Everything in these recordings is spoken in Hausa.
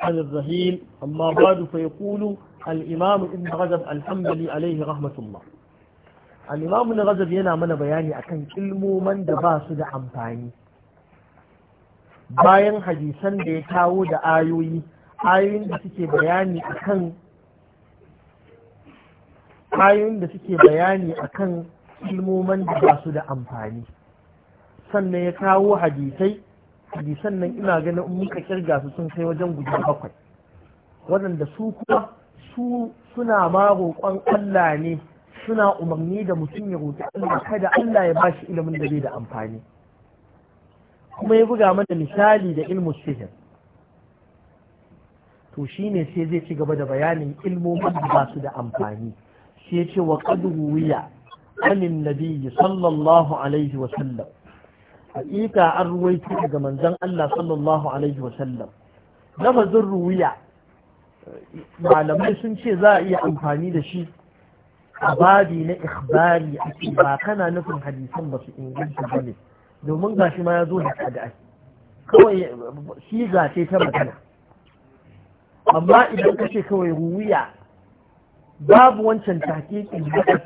عن الرهيل أما بعد فيقول الإمام ابن الحمد لي عليه رحمة الله الإمام ابن غزب ينا من بياني أكن كلمو من دباس دا أمباني bayan hadisan da ya kawo da ayoyi ayoyin da suke bayani akan ayoyin da suke bayani akan ilmoman da ba su da amfani sannan ya kawo hadisai hadisan nan ina ganin in muka kirga su sun kai wajen guda bakwai waɗanda su kuma su suna ma roƙon Allah ne suna umarni da mutum ya roƙi Allah kada Allah ya bashi ilimin da bai da amfani kuma ya buga mana misali da ilmu sihir to shine sai zai ci gaba da bayanin ilmomin da ba su da amfani sai ce wa qad ruwiya anin nabiyyi sallallahu alaihi wa sallam hakika an ruwaito daga manzon Allah sallallahu alaihi wasallam lafazin ruwiya malamai sun ce za a iya amfani da shi a babi na ikhbari cikin ba kana nufin hadisan ba su inganta ba ne domin gashi ma ya zo da kada kawai shi ce ta magana amma idan ka ce kawai ruwiya babu wancan tahqiqin hakan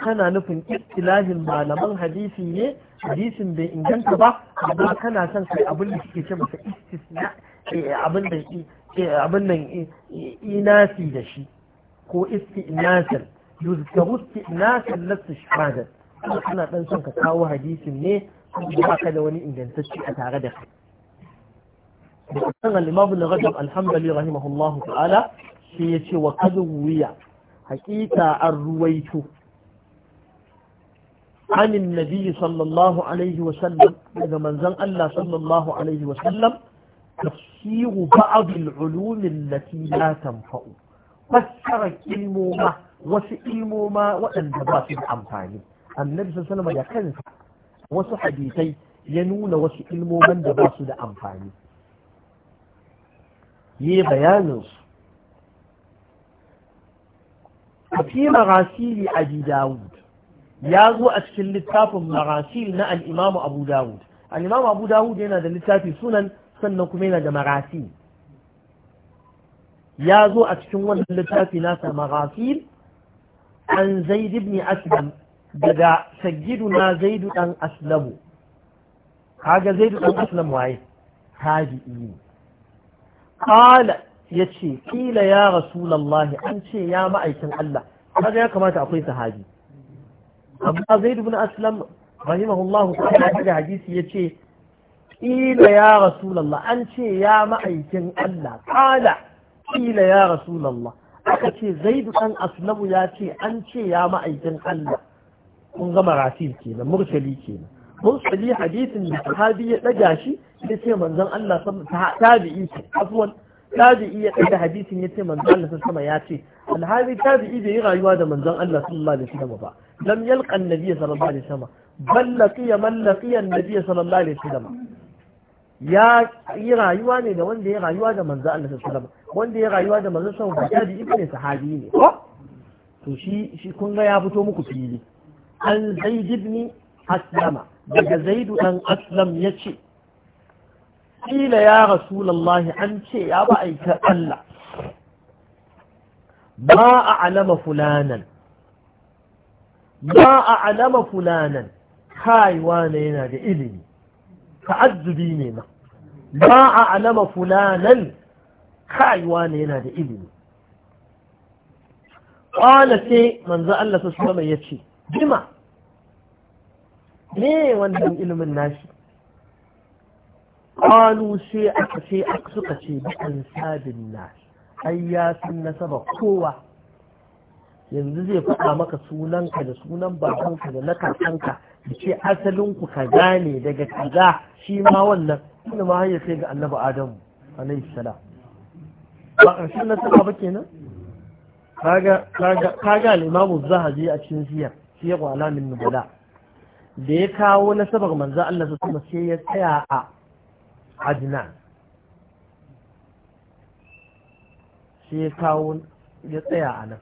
kana nufin istilahin malaman hadisi ne hadisin bai inganta ba amma kana son kai abin da suke ce masa istisna eh, abin da eh, abin nan eh, inasi da shi ko istinasin yuzkaru istinasin nasu kana dan son ka kawo hadisin ne da baka da wani ingantacce a tare da kai sannan limamu na rajab alhambali rahimahullahu ta'ala shi ya ce wa kadin wuya hakika an ruwaito عن النبي صلى الله عليه وسلم إذا من زل ألا صلى الله عليه وسلم تفسير بعض العلوم التي لا تنفع فسر كلمة وسئلمة ما وأن دباس الأمفاني النبي صلى الله عليه وسلم يكنف wasu ينون ya nuna wasu ilmomin da ba su da داود ya zo a cikin littafin marasil na al'imamu abu dawud al'imamu abu dawud yana da littafi sunan sannan kuma yana da marasil ya zo a cikin wannan littafi nasa marasil an zaid ibn aslam daga sayyiduna zaidu dan aslamu kaga zaidu dan aslam waye tabi'i ya ce kila ya rasulallah an ce ya ma'aikin Allah kaga ya kamata akwai sahabi amma zaid na aslam rahimahullah ta'ala da hadisi yace ila ya rasulallah an ce ya ma'aikin Allah qala ila ya rasulallah aka ce zaid ibn aslam ya ce an ce ya ma'aikin Allah kun ga marasil kenan mursali kenan mursali hadisin da sahabi ya daga shi ya ce manzon Allah tabi'i afwan tabi'i ya da hadisin ya ce manzon Allah sama ya ce alhali tabi'i bai yi rayuwa da manzon Allah sallallahu alaihi wasallam ba lam yalqa annabi sallallahu alaihi wasallam bal laqiya man laqiya annabi sallallahu alaihi wasallam ya yi rayuwa ne da wanda ya rayuwa da manzon Allah sallallahu alaihi wasallam wanda ya rayuwa da manzon sallallahu alaihi wasallam tabi'i ne sahabi ne ko to shi shi kun ga ya fito muku fili an zaid ibn aslama daga zaidu dan aslam yace ƙila ya rasulallah an ce ya ba aika Allah ba a alama fulanan ba a alama fulanan kaiwa na yana da ilimi ta'azzubi ne ma ba a alama fulanan kaiwa na yana da ilimi kwana ce manzo Allah su ya ce jima ne wannan ilimin nashi qalu sai aka ce aka suka ce bi ansabin nas ai ya san nasaba kowa yanzu zai faɗa maka sunanka da sunan babanka da na kakanka da ce asalin ku kaza ne daga kaza shi ma wannan inda ma ya kai ga annabi adamu alaihi salam ba ƙarshen nasaba ba kenan kaga kaga kaga Limamu imamu zahabi a cikin siyar siyar alamin nubala da ya kawo nasabar manzo Allah su kuma sai ya tsaya a adnan sai ya kawo ya tsaya a nan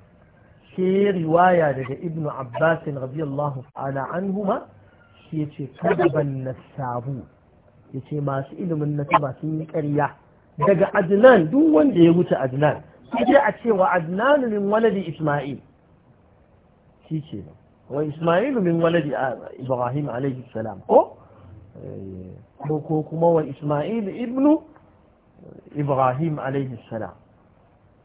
sai riwaya daga ibn abbas radiyallahu ta'ala anhuma shi ya ce kadaban nasabu ya ce masu ilimin na nasaba sun yi ƙarya daga adnan duk wanda ya wuce adnan sai dai a cewa adnan min waladi isma'il shi ce wa isma'il min waladi ah, ibrahim alaihi salam ko Eh, ko kuma wa isma'il ibnu ibrahim alaihi salam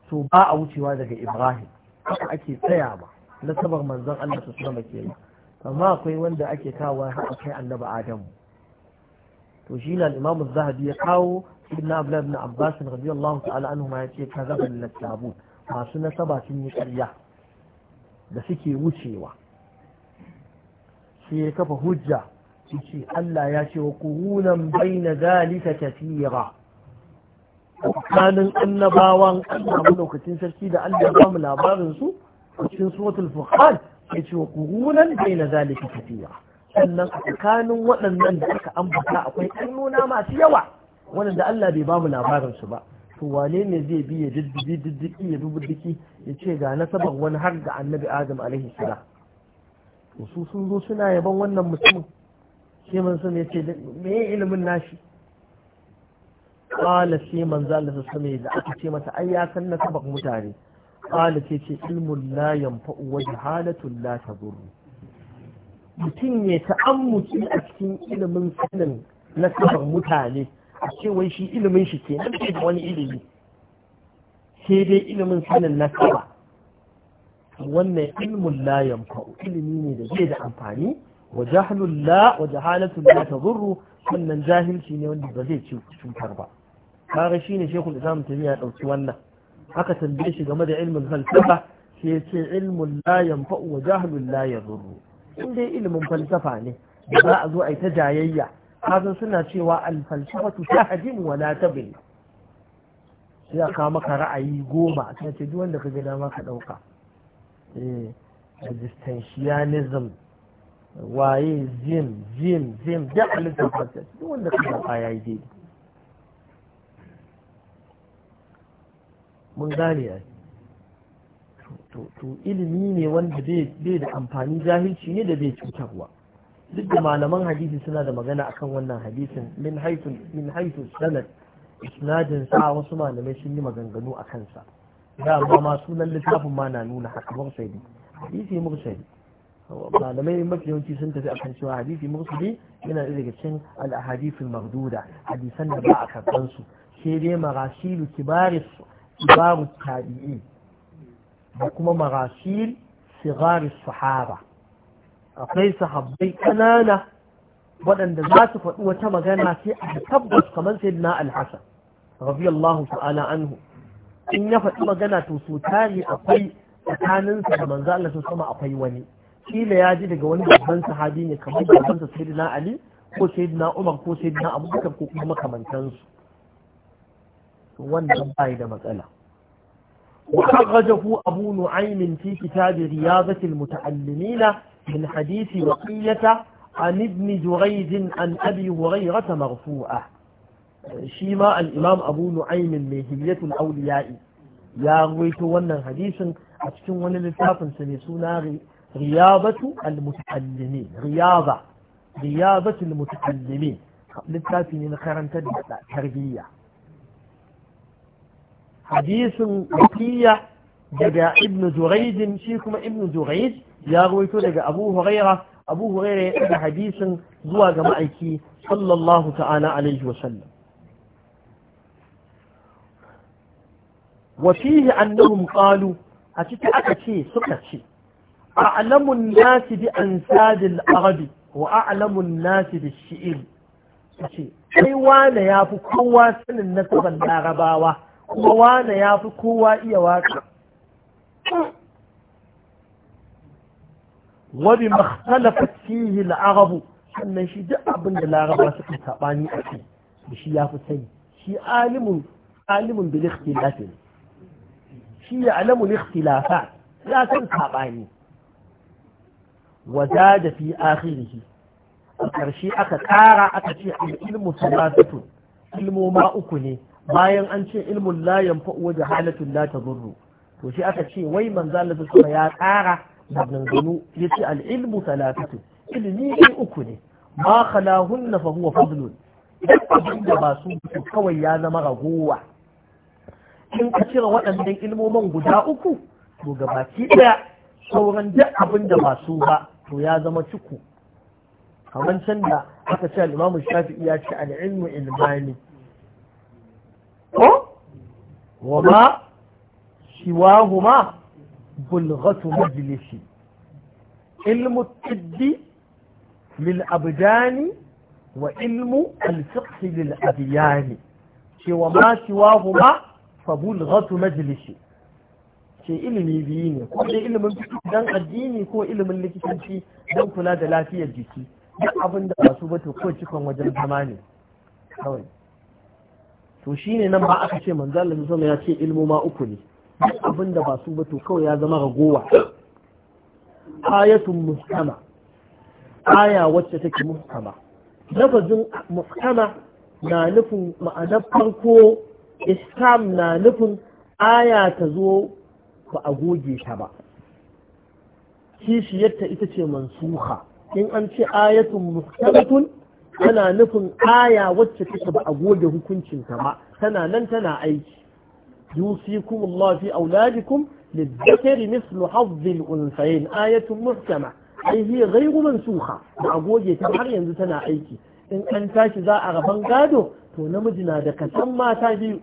to ba a wucewa daga ibrahim haka ake tsaya ba nasabar manzon Allah su sama ke yi amma akwai wanda ake kawo har kai annabi adamu to shi na imamu zahabi ya kawo ibn abdullah ibn abbas radiyallahu ta'ala anhu ma yace kazaba lillahi masu nasaba sun yi ƙarya da suke wucewa sai ya kafa hujja yace Allah ya ce wa qurunan baina zalika A tsakanin annabawan Allah lokacin sarki da Allah ya mu labarin su cikin suratul furqan yace wa qurunan baina zalika kathira sannan a tsakanin waɗannan da aka ambata akwai ƙannuna masu yawa waɗanda Allah bai ba mu labarin su ba to wane ne zai bi ya diddigi diddiki ya ya ce ga nasabar wani har ga annabi adam alaihi salam su sun zo suna yaban wannan mutumin sai man sama ya ce me ilimin nashi qala sai man zalla ta sama da aka ce mata ai ya san na sabak mutane qala ce ce ilmun la yanfa'u wa jahalatun la taburru mutum ya ta'ammuki a cikin ilimin sanin na sabak mutane a ce wai shi ilimin shi ke nan da wani ilimi sai dai ilimin sanin na saba wannan ilmun la fa'u ilimi ne da zai da amfani wa jahlul la wa wannan jahilci ne wanda ba zai cutar ba kaga shine shekul islam tabiya ya dauki wannan aka tambaye shi game da ilmin falsafa shi ya ce ilmun la yanfa'u wa jahlul la yadurru in dai ilmin falsafa ne da za a zo a yi ta jayayya kasan suna cewa alfalsafatu ta hadimu wa la tabil sai aka maka ra'ayi goma sai ce duk wanda ka dama ka dauka eh existentialism waye zim zim zim da halittar farsa duk wanda ka ya yi daidai mun gane ya to ilimi ne wanda bai da amfani jahilci ne da bai cutarwa duk da malaman hadisi suna da magana akan wannan hadisin min haitu min haitu sanad isnadin sa wasu malamai sun yi maganganu a kansa da amma ma sunan littafin ma na nuna haka mursali hadisi mursali malamai mafi yawanci sun tafi akan cewa hadisi musuli yana daga cikin al-ahadithul marduda hadisan da ba a karban su sai dai marasilu kibaris kibaru tabi'i da kuma marasil sigaris sahaba akwai sahabbai kanana waɗanda za su faɗi wata magana sai a tabbas kamar sayyidina al-hasan radiyallahu ta'ala anhu in ya faɗi magana to so tari akwai tsakaninsa da manzo Allah sama akwai wani kila ya ji daga wani babban sahabi ne kamar babban sa sayyidina ali ko sayyidina umar ko sayyidina abubakar ko kuma makamantan su wannan ba da matsala wa akhrajahu abu nu'aym fi kitab riyadat al-muta'allimin min hadith waqiyata an ibn juraid an abi hurayra marfu'a shi ma al-imam abu nu'aym min hiyyat al-awliya ya ruwaito wannan hadisin a cikin wani littafin mai ne suna riyabatu al-mutaallimi riyaba riyabatu al-mutaallimi littafi ne na karantar da tarbiyya hadisin wakiya daga ibn Juraid shi kuma ibn Juraid ya rawaito daga Abu Huraira Abu Huraira ya daga hadisin zuwa ga ma'aiki sallallahu ta'ala alaihi wa sallam wa fihi annahum qalu a cikin aka ce suka ce أعلم الناس بأنساد العرب وأعلم الناس بالشئر أي وانا ya fi kowa sanin nasaban larabawa kuma كوا ya fi kowa iya wabi makhtalafat fihi al sannan shi duk abin da laraba taɓa ni a kai shi ya fi sani shi alimun shi ya san sabani wa da fi akhirih a ƙarshe aka ƙara aka ce ilmu salatatu ilmu ma uku ne bayan an ce ilmun la yanfa'u wa jahalatun la tadurru to shi aka ce wai manza Allah sallallahu ya ƙara ya ci al-ilmu salatatu ilmi uku ne ma khalahunna fa huwa fadlun idan abin da ba su kawai ya zama ragowa in ka cire waɗannan ilmomin guda uku to gabaki ɗaya sauran duk abin da ba su ba to ya zama cuku kamar can da aka ce al'imamu shafi'i ya ce al'ilmu ilmani ko wa ma siwahuma bulghatu majlisi ilmu tiddi lil abdani wa ilmu al lil adyani cewa ma siwahuma fa bulghatu majlisi ce ilimi biyu ne ko dai ilimin dan addini ko ilimin likitanci don kula da lafiyar jiki duk abin da ba su ko cikon wajen zama ne kawai to shine nan ba aka ce manzo Allah sallallahu ya ce ilmu ma uku ne duk abin da ba su kawai ya zama ragowa ayatun muhkama aya wacce take muhkama lafazin muhkama na nufin ma'anar farko islam na nufin aya ta zo ba a goge ta ba. Kishiyarta ita ce mansuha, in an ce ayatun muskantun tana nufin aya wacce take ba a goge hukuncinta ba, tana nan tana aiki. Yusikum Allah fi auladikum lidzakari mislu hazzil unsayin ayatun muskama. Ai hiya gairu mansuha ba a goge ta har yanzu tana aiki. In an tashi za a rabon gado to namiji na da kasan mata biyu.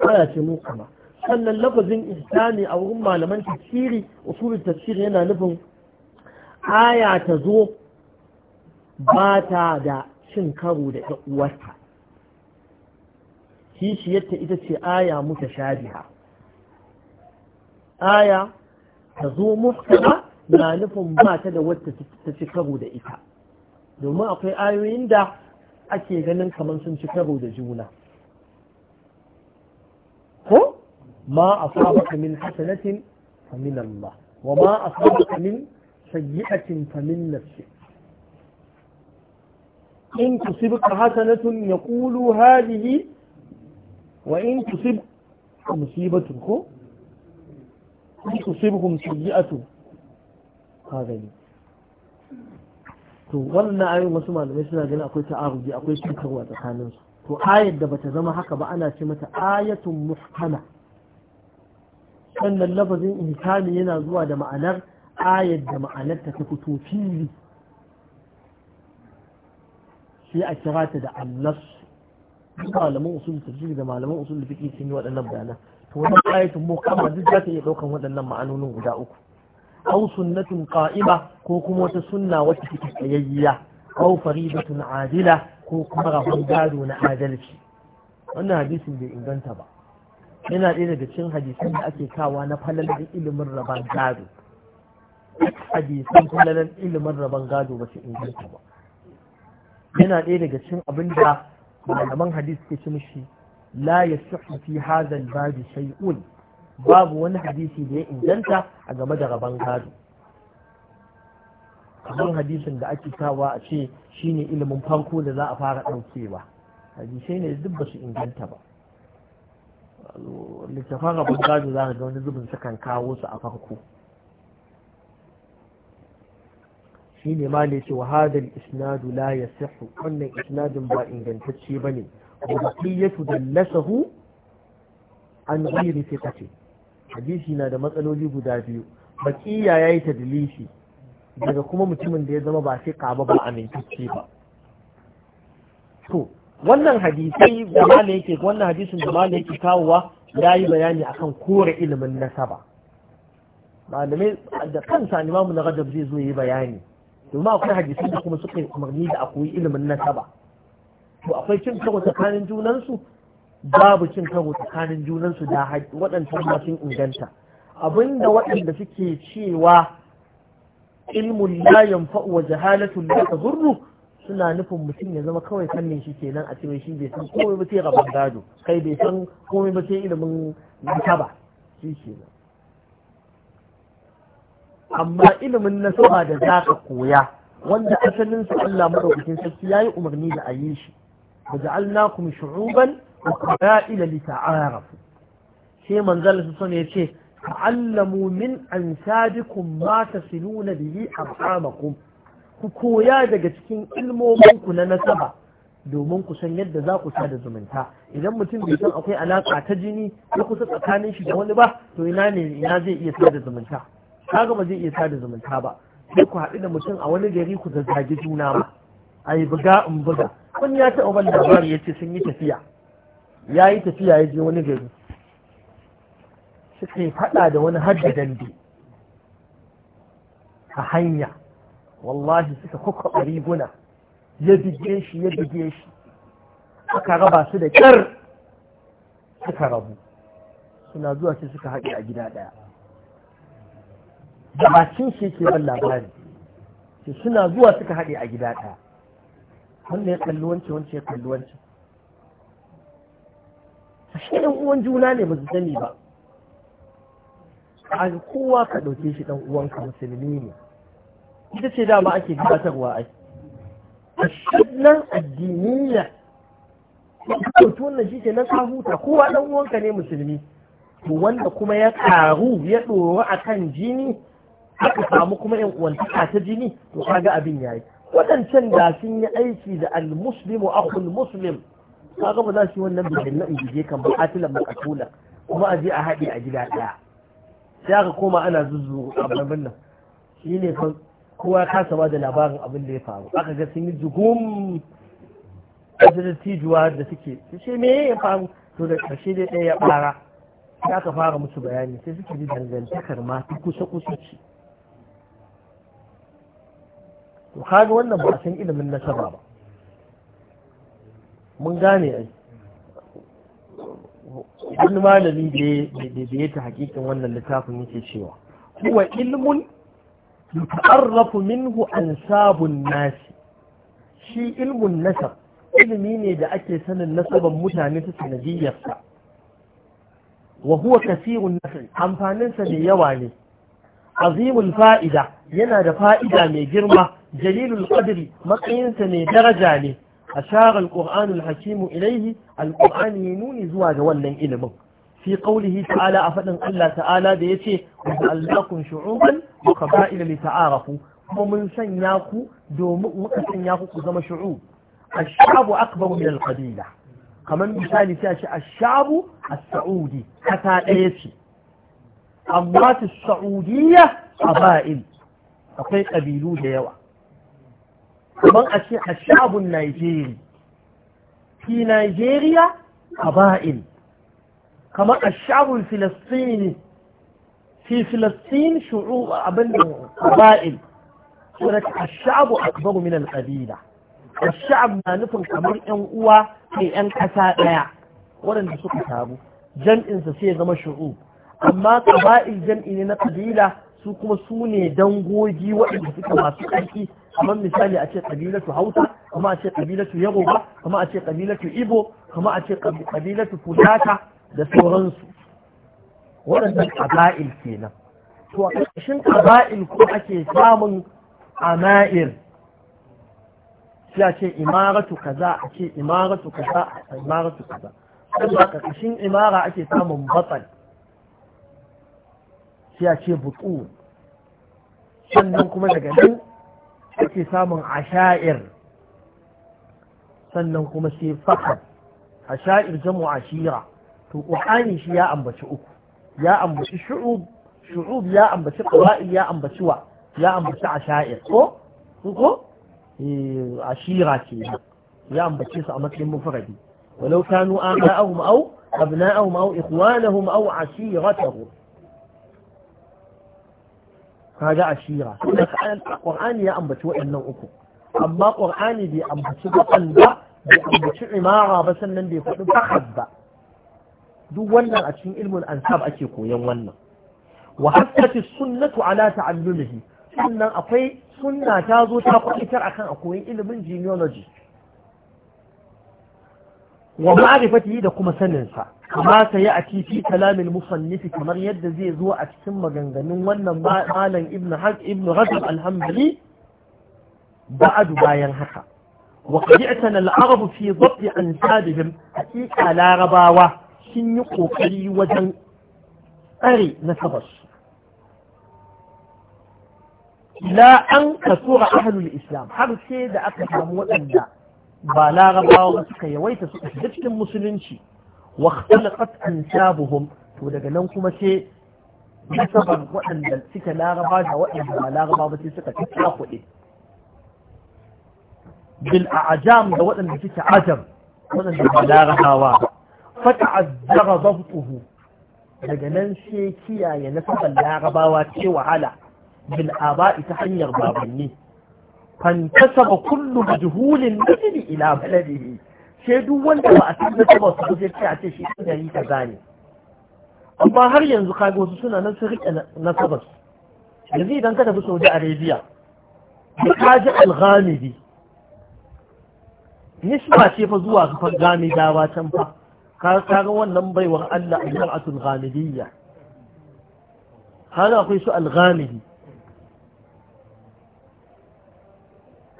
Ana ce mu kama. sannan lafazin ihsani a wurin malaman tafsiri usulul tafsir yana nufin aya ta zo ba ta da cin karo da ta uwarta kishiyarta ita ce aya mutashabiha aya ta zo muskara na nufin ba ta da wata ta ci karo da ita domin akwai ayoyin da ake ganin kamar sun ci karo da juna ko ما أصابك من حسنة فمن الله وما أصابك من سيئة فمن نفسك إن تصبك حسنة يقول هذه وإن تصبك مصيبة إن تصبكم سيئة هذا لي to wannan ayoyin wasu malamai suna ganin akwai ta'aruji akwai cutarwa tsakaninsu to ayat da bata zama haka ba ana ce mata ayatun muhkama sannan lafazin insani yana zuwa da ma'anar ayar da ma'anarta ta fito fili sai a kira ta da annas malaman usul tafsiri da malaman usul fiqh sun yi waɗannan bayanan to wannan ayatun mukama duk za ta iya ɗaukan waɗannan ma'anonin guda uku aw sunnatun qa'ima ko kuma wata sunna wacce take tsayayya aw faridatun adila ko kuma rabon gado na adalci wannan hadisin bai inganta ba yana ɗaya daga cikin hadisan da ake kawa na falalar ilimin rabar gado hadisan falalar ilimin rabar gado ba su inganta ba yana ɗaya daga cikin abin da malaman hadis ke ci mishi la ya fi hazal babi shay'un babu wani hadisi da ya inganta a game da rabar gado kamar hadisin da ake kawa a ce shine ilimin fanko da za a fara ɗaukewa hadisai ne duk ba su inganta ba littafan rabin gado za ka ga wani zubin sukan kawo su a farko shi ne ma ne ce wahadar isnadu la ya sahu. wannan isnadin ba ingantacce ba ne bukiyatu da lasahu an ghairi kace. hadisi na da matsaloli guda biyu bakiya ta dalishi daga kuma mutumin da ya zama ba sai ba ba amintacce ba wannan hadisai da ne yake wannan hadisin da ne yake kawowa ya yi bayani akan kore ilimin nasaba malamai da kansa imamu na gajab zai zo yi bayani domin akwai hadisai da kuma suka yi umarni da akwai ilimin nasaba to akwai cin karo tsakanin junansu babu cin karo tsakanin junansu da waɗancan ma sun inganta abinda waɗanda suke cewa ilmun la yanfa'u wa jahalatu la tadurru suna nufin mutum ya zama kawai fannin shi kenan a cewa shi bai san komai ba sai rabon gado kai bai san komai ba sai ilimin nasaba shi kenan amma ilimin nasaba da za ka koya wanda asalin su Allah madaukakin sarki yayi umarni da ayi yi shi waja'alnakum shu'uban wa qaba'ila lita'arafu sai manzal su sun yace ta'allamu min ansadikum ma tasiluna bihi arhamakum ku koya daga cikin ilmominku na nasaba domin ku san yadda za ku da zumunta idan mutum bai san akwai alaƙa ta jini ya kusa tsakanin shi da wani ba to ina ne ina zai iya sada zumunta kaga ba zai iya sada zumunta ba sai ku haɗu da mutum a wani gari ku zazzage juna ba a yi buga in buga wani ya taɓa ban labari ya ce sun yi tafiya ya yi tafiya ya je wani gari suka yi faɗa da wani da dande a hanya wallahi suka kwakwaɓa riguna ya bige shi ya bige shi aka raba su da kyar suka rabu suna zuwa ce suka haɗe a gida ɗaya da bakin shi ke ban labari ce suna zuwa suka haɗe a gida ɗaya wannan ya kalli wancan wancan ya kalli wancan shi ɗan uwan juna ne ba su sani ba a kowa ka ɗauke shi ɗan uwanka musulmi ne ita ce dama ake gabatarwa ai nan addiniya to wannan shi ke nan ka huta kowa dan uwanka ne musulmi to wanda kuma ya karu ya doro akan jini aka samu kuma yan uwantaka ta jini to kaga abin yayi waɗancan da sun yi aiki da al-muslimu akhul muslim kaga ba za su yi wannan bikin na injije kan ba atilan makatula kuma a je a haɗe a gida ɗaya sai aka koma ana zuzzu a babban nan shine fa kowa ya kasa ba da labarin abin da ya faru aka ga sun yi jugum tijuwa da suke shi me ya faru to da karshe dai ɗaya ya ɓara ya aka fara musu bayani sai suke ji dangantakar ma ta kusa kusa ce to kaga wannan ba san ilimin nasaba ba mun gane ai wani malami da ya ta hakikin wannan littafin yake cewa kuwa ilimin. yuta'arrafu minhu ansabun nasi shi ilmun nasab ilimi ne da ake sanin nasaban mutane ta sanadiyyarsa wa huwa kasirun nafi amfaninsa mai yawa ne azimul fa'ida yana da fa'ida mai girma jalilul qadri matsayinsa ne daraja ne ashara alqur'anul hakimu ilaihi Alƙur'ani ya nuni zuwa ga wannan ilimin fi qawlihi ta'ala a fadin Allah ta'ala da yace Allakum shu'uban wa qaba'ila li ta'arafu kuma mun sanya ku domin muka sanya ku ku zama shu'ub ash-sha'bu akbaru min al-qabila kaman misali sai a ce ash-sha'bu as-sa'udi kata ɗaya ce amma ta sa'udiyya qaba'il akwai kabilu da yawa kaman a ce ash-sha'bu najeri fi Najeriya qaba'il kamar ashabun filistini fi filistin shu'u abin ba'il surat ashabu akbaru min al-qabila na nufin kamar yan uwa kai yan kasa daya waɗanda suka taru jam'in sai zama shu'u amma qaba'il jam'i ne na qabila su kuma su ne dangogi waɗanda suka masu ƙarfi kamar misali a ce ƙabilatu hausa kama a ce ƙabilatu yagoba kama a ce ƙabilatu ibo kama a ce ƙabilatu fulata da sauransu waɗannan ƙaba'il kenan to a ƙarƙashin ƙaba'il ko ake samun ana'ir, sai a ce imaratu kaza a ce imaratu kaza a imaratu kaza sannan a ƙarƙashin imara ake samun batsal sai a ce butu sannan kuma daga nan ake samun asha'ir sannan kuma sai fakar asha'ir jamu ashira وحاني شيا أم بشوك يا أم بش شعوب شعوب يا أم بش قبائل يا أم بشوا يا أم بش عشائر هو هو عشيرة كذا يا أم بش صامت لمفردي ولو كانوا آباءهم أو أبناءهم أو إخوانهم أو عشيرتهم هذا عشيرة القرآن يا أم بشوا إنه أكو أما قرآني دي أم بش قطن دي أم عمارة بس أنا دي فتبخذ duk wannan a cikin ilmin ansab ake koyon wannan wa hasati sunnatu ala ta'allumihi sannan akwai sunna ta zo ta kwaitar akan a koyon ilimin genealogy wa ma'rifatihi da kuma sanin sa kama a titi kalamin musannifi kamar yadda zai zo a cikin maganganun wannan malam ibn haq ibn rajab ba'adu bayan haka wa qadi'tana al-arab fi dhabt ansabihim haqiqa larabawa sun yi ƙoƙari wajen tsare nasabarsu la an kasura ahlul islam har sai da aka samu waɗanda ba larabawa suka yawaita su shiga cikin musulunci wa khalaqat ansabuhum to daga nan kuma sai nasabar waɗanda suka laraba da waɗanda ba laraba ba sai suka tattara kuɗi bil a'jam da waɗanda suke ajam waɗanda ba larabawa fata'azzara zabtuhu daga nan sai kiyaye nasabar larabawa ce wahala bil aba'i ta hanyar babanni fantasaba kullu majhulin nasli ila baladihi sai duk wanda ba a san nasaba su je ce a ce shi da yi ta ne amma har yanzu kaga wasu suna nan su rike nasabar yanzu idan ka tafi Saudi Arabia da kaji al-Ghamidi nisba ce fa zuwa kafan Ghamidawa can fa kaga wannan baiwar Allah a shar'atul ghalibiyya kaga akwai su al ghalibi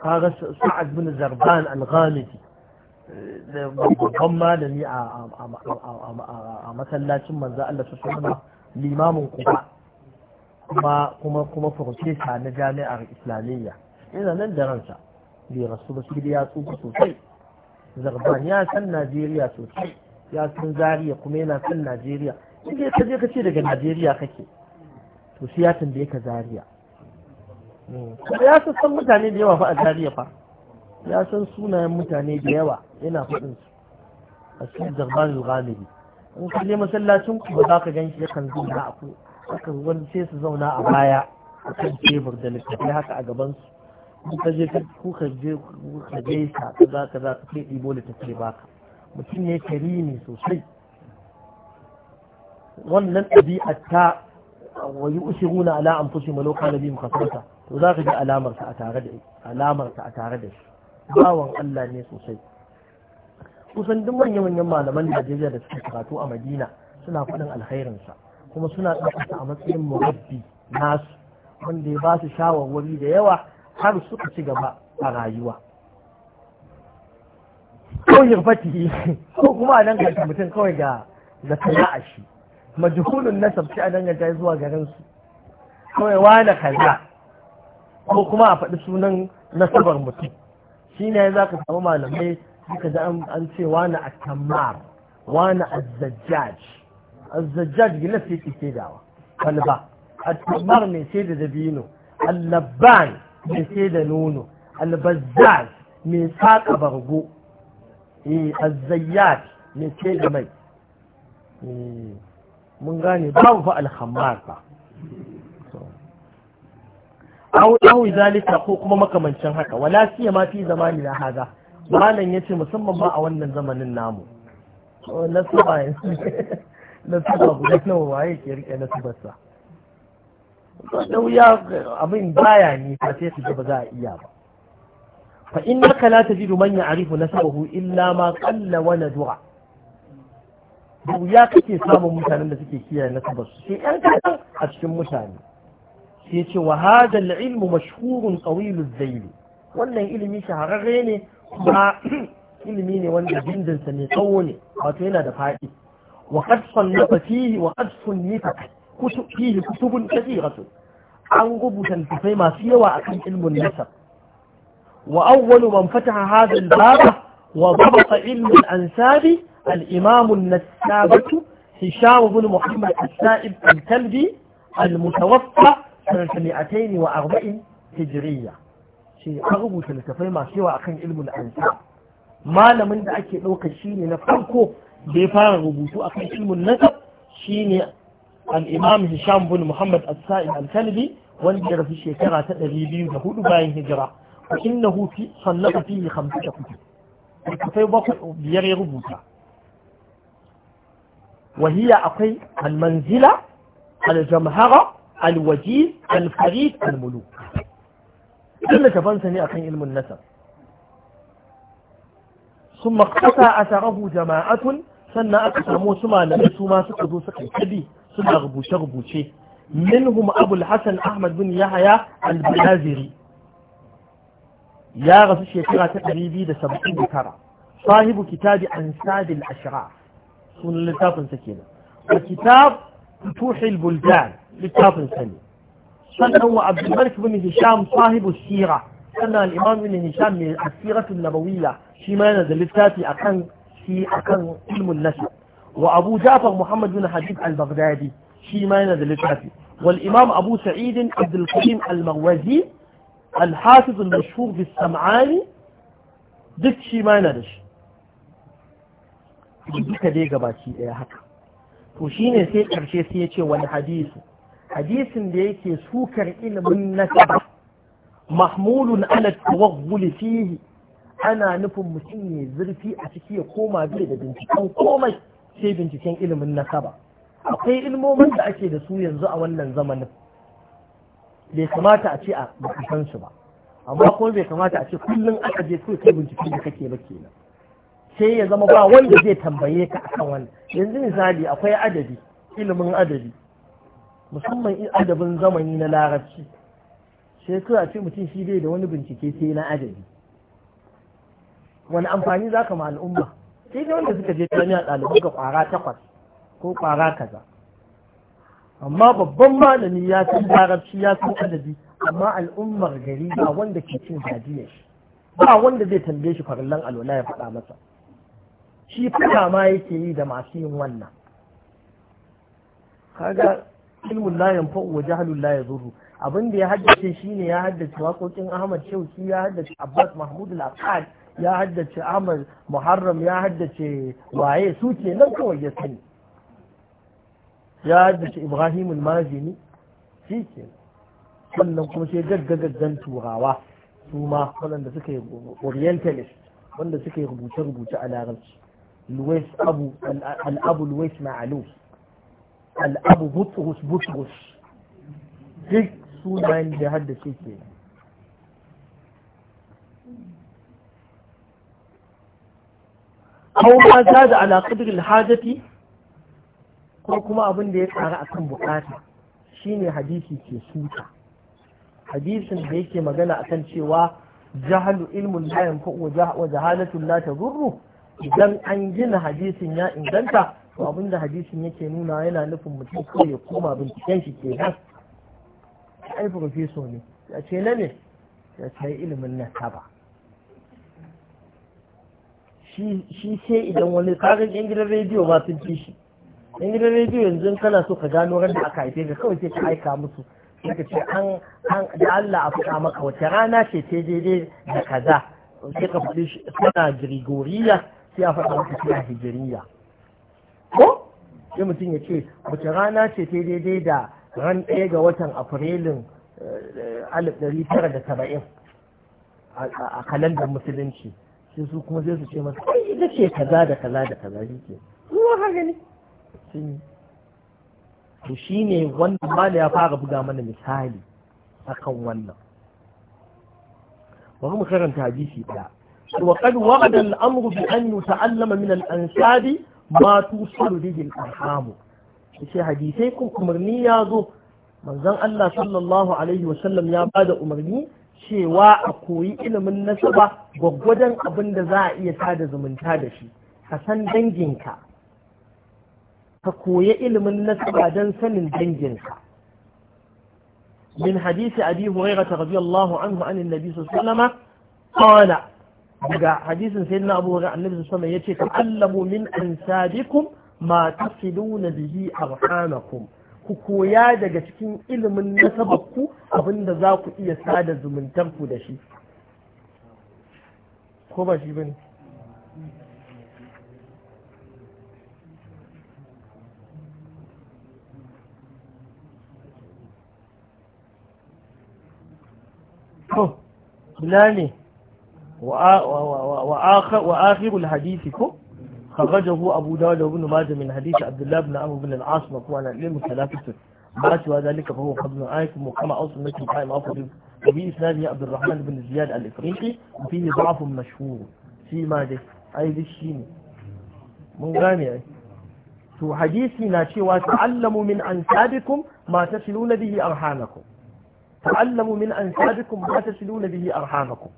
kaga sa'ad bin zarban al-ghamidi ghalibi babban malami a masallacin manzo Allah su sallama limamin kuma kuma kuma kuma farfesa na jami'ar islamiyya ina nan da ransa bai rasu ba sai ya tsufa sosai zarban ya san najeriya sosai ya san zariya kuma yana san najeriya inda ka je ka ce daga najeriya kake to shi ya tambaye ka zariya kuma hmm. ya san mutane da yawa fa a zariya fa ya san sunayen mutane da yawa yana faɗin su a cikin zarbanul ghamidi in ka je masallacin ku ba za ka gan shi yakan zuwa a ku akan wani sai su zauna a baya a kan tebur da littafi haka a gaban su in ka je ka je ka gaisa kaza kaza ka sai ɗibo littafi baka mutum ne karimi sosai wannan ɗabi'a ta wa yi usiruna ala an fushi malo kana bi mukasarta to za ka ji alamarsa a tare da alamarsa a tare da shi bawan Allah ne sosai kusan duk manya-manyan malaman Najeriya da suka karatu a Madina suna faɗin sa kuma suna ɗaukata a matsayin murabbi nasu wanda ya ba su shawarwari da yawa har suka ci gaba a rayuwa ko yirfatihi ko kuma a danganta mutum kawai ga da a shi majhulun nasab shi a danganta zuwa garin su kawai wani kaza ko kuma a faɗi sunan nasabar mutum shi ne za ka samu malamai suka da an ce wani attammar wani azzajjaj azzajjaj gina sai ke ke dawa kalba attammar mai sai da dabino allaban mai sai da nono albazaz mai saƙa bargo eh azzayyat ne ce da mai eh, mun gane babu fa alhammar ba aw aw zalika ko kuma makamancin haka wala siya ma fi zamani na haza malam yace musamman ba a wannan zamanin namu nasaba nasaba guda nawa waye ke rike nasabarsa da wuya abin baya ne ba sai su ba za a iya ba fa innaka la tajidu man ya'rifu nasabahu illa ma qalla wa nadura ya kake samun mutanen da suke kiyaye nasabar su sai yan kaɗan a cikin mutane sai ce wa hada ilmu mashhurun tsawilu zaili wannan ilimi shahararre ne kuma ilimi ne wanda bindinsa mai tsawo ne wato yana da faɗi wa qad sannafa fihi wa qad sunnifa fihi kutubun rasu. an rubuta tufai masu yawa a kan ilmin nasab وأول من فتح هذا الباب وضبط علم الأنساب الإمام النسابة هشام بن محمد السائب الكلبي المتوفى سنة 240 هجرية شيء أغبو تلتفاي ما سوى أخين علم الأنساب ما لمن دا أكي لوك الشيني نفرقو بيفار ربوتو أخين علم النسب شيني الإمام هشام بن محمد السائب الكلبي wanda ya rasu shekara ta 204 bayan hijira فإنه في صنف فيه خمسة كتب الكتب بيغير بوتا وهي أقي المنزلة الجمهرة الوجيز الفريد الملوك كل جبان سني أقي علم النسب ثم اقتصى أثره جماعة سنة أقسموا ثم نبسوا ما سكدوا سكدي سنة غبوشة غبوشة منهم أبو الحسن أحمد بن يحيى البلازري يا رسول شكرا تقريبي دا سبقين كرا صاحب كتاب أنساد الأشعار سنة لتاب سكينة وكتاب فتوح البلدان لتاب سني سنة هو عبد الملك بن هشام صاحب السيرة سنة الإمام بن هشام من السيرة النبوية شما نزل لتاب أكان في أكان علم النسب وأبو جعفر محمد بن حبيب البغدادي شما نزل لتاب والإمام أبو سعيد عبد الكريم المغوازي الحافظ المشهور sam'ani duk shi ma yana da shi duka dai gabaci daya haka to shi ne sai ƙarshe sai ya ce wani hadisi hadisin da yake sukar ilimin nasaba mahmulun ala tawagguli fihi ana nufin mutum mai zurfi a ciki ya koma bai da binciken komai sai binciken ilimin nasaba akwai ilmomin da ake da su yanzu a wannan zamanin bai kamata a ce a san su ba amma kuma bai kamata a ce kullum aka je kawai kai bincike da kake ba ke nan. sai ya zama ba wanda zai tambaye ka akan wannan yanzu misali akwai adabi ilimin adabi musamman adabin zamani na larabci sai kawai a ce mutum shi bai da wani bincike sai na adabi wani amfani za ka ma al'umma sai da wanda suka je jami'a ɗalibai ga ƙwara takwas ko kwara kaza amma babban malami ya san larabci ya san adabi amma al'ummar gari ba wanda ke cin gajiyar shi ba wanda zai tambaye shi farallan alwala ya faɗa masa shi fita ma yake yi da masu yin wannan kaga ilmun layan yanfa'u wa jahalun la yadurru abin da ya haddace shine ya haddace waƙoƙin Ahmad Shauki ya haddace Abbas Mahmud al ya haddace Ahmad Muharram ya haddace waye su ke nan kawai ya sani ya haddace ibrahim al-mazini shi ke sannan kuma sai gaggagaggan turawa su ma waɗanda suka yi orientalist wanda suka yi rubuce-rubuce a larabci luwais abu al'abu luwais ma'alu al'abu butrus butrus duk sunayen da haddace ke أو ما زاد على قدر الحاجة ko kuma abin da ya tsara a kan bukata shine hadisi ke suka hadisin da yake magana a kan cewa jahalu ilmun la yanfa'u wa jahalatun la tadurru idan an gina hadisin ya inganta to abin da hadisin yake nuna yana nufin mutum ko ya koma binciken shi ke nan ai profeso ne ya ce na ne ya ce ilimin na saba shi sai idan wani karin yan gidan rediyo ba sun ci shi in gidan rediyo yanzu kana so ka gano ran da aka haife ka kawai sai ka aika musu sai ka ce an da Allah a fuka maka wace rana ce ce daidai da kaza sai ka faɗi suna grigoriya sai a faɗa maka suna hijiriya ko sai mutum ya ce wace rana ce ce daidai da ran ɗaya ga watan afrilun eh, alif ɗari tara da saba'in a kalandar musulunci sai su kuma sai su ce masa ai ita ce kaza da kaza da kaza shi ke. Ruwa hagani sun yi to shi ne wanda mala ya fara buga mana misali kan wannan Wani mu karanta hadisi ɗaya وقد وعد الأمر بأن يتعلم من الأنساب ما توصل به الأرحام في حديثيكم أمرني يا ذو من زن الله صلى الله عليه وسلم يا بعد أمرني cewa a koyi ilimin nasaba gwaggwadon abin da za a iya sada zumunta da shi ka san danginka ka koya ilimin nasaba don sanin danginka min hadisi abi ta rabi Allahu an annabi sallallahu alaihi daga hadisin sayyidina abu hurairah annabi sallallahu alaihi yace ta'allamu min ansabikum ma tasiluna bihi arhamakum ku koya daga cikin ilimin nasabakku abinda za ku iya sada zumuntanku da shi ko ba shi bane to ina وآخر الحديث كو خرجه أبو داود وابن ماجه من حديث عبد الله بن عمرو بن العاص مقوانا لم ثلاثة ما ذلك فهو قبل آيكم وكما أوصل مثل قائم أفضل وفي إسناده عبد الرحمن بن زياد الإفريقي وفيه ضعف مشهور في ماجه أي ذي الشين من غاني تو حديثي ناتي وتعلموا من أنسابكم ما تصلون به أرحامكم ta'allamu min ansabikum ma tasiluna bihi arhamakum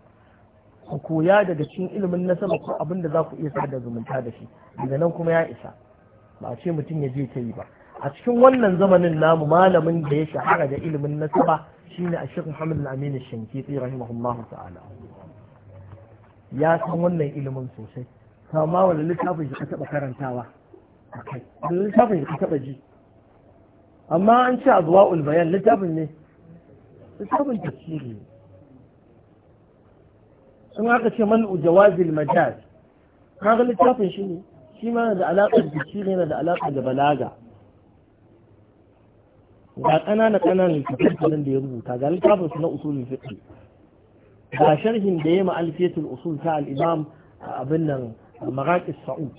ku koya daga cikin ilimin nasaba ko abin da za ku iya sada zumunta da shi daga nan kuma ya isa ba a ce mutum ya je ta yi ba a cikin wannan zamanin namu malamin da ya shahara da ilimin nasaba shine a shirin hamid al-amin shankiti rahimahullahu ta'ala ya san wannan ilimin sosai amma wani littafin shi ka taɓa karantawa akai littafin shi ka taɓa ji amma an ce a zuwa ulbayan littafin ne littafin tafsiri sun haka ce man ujawazil majaz kaga littafin shi ne shi ma da alaƙar tafsiri yana da alaƙa da balaga ga ƙanana ƙananan littafin da ya rubuta ga littafin su na usulul fiqh ga sharhin da ya ma alfiyatul usul ta al-imam abin nan maraqis sa'ud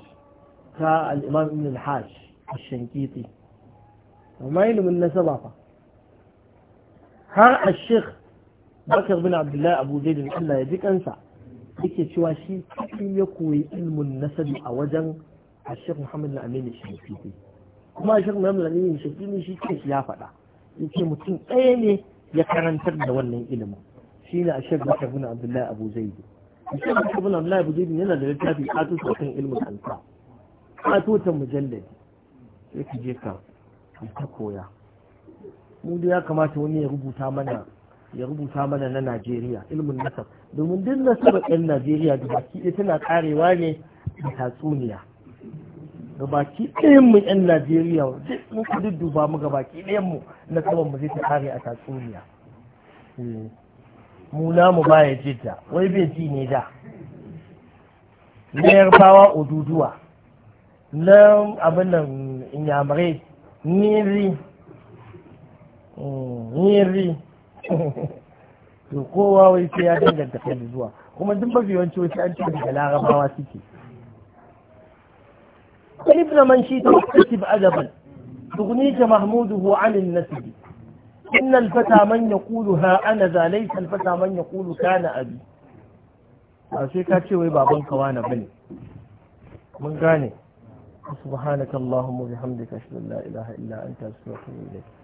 ta al-imam ibn al-hajj ash-shankiti amma ilimin nasaba fa har a shekh bakar bin abdullahi abu zaidin allah ya ji kansa yake cewa shi kaɗai ya koyi ilmin nasabi a wajen a shekh muhammad na amini shafi'i kuma a shekh muhammad na amini shafi'i shi kan shi ya faɗa yake mutum ɗaya ne ya karantar da wannan ilimin shi ne a shekh bakar bin abdullahi abu zaidin a shekh bakar bin abdullahi abu zaidin yana da littafi ƙatutu kan ilmin alfa ƙatutan mujalladi sai ka je ka ta koya mu da ya kamata wani ya rubuta mana ya rubuta mana na Najeriya ilmin nasab domin duk nasabar ɗan Najeriya da baki ɗaya tana karewa ne da tatsuniya ga baki ɗayan mu ɗan Najeriya duk ka dudduba mu ga baki ɗayan mu nasabar mu zai ta kare a tatsuniya eh, mu mu baya jidda wai bai ji ne da na yarbawa ududuwa na abin nan inyamare niri Mm, nyeri to kowa wai sai ya danganta kai kan zuwa kuma duk ba yawanci wasu an ce daga larabawa suke kalif na man shi ta kasif azaban tukuni ta mahmudu huwa anin nasibi inna alfata man ya kulu ha ana zalai alfata man ya kulu kana abi ba sai ka ce wai baban kawa na bane mun gane subhanakallahumma bihamdika ashhadu an la ilaha illa anta astaghfiruka wa atubu ilayk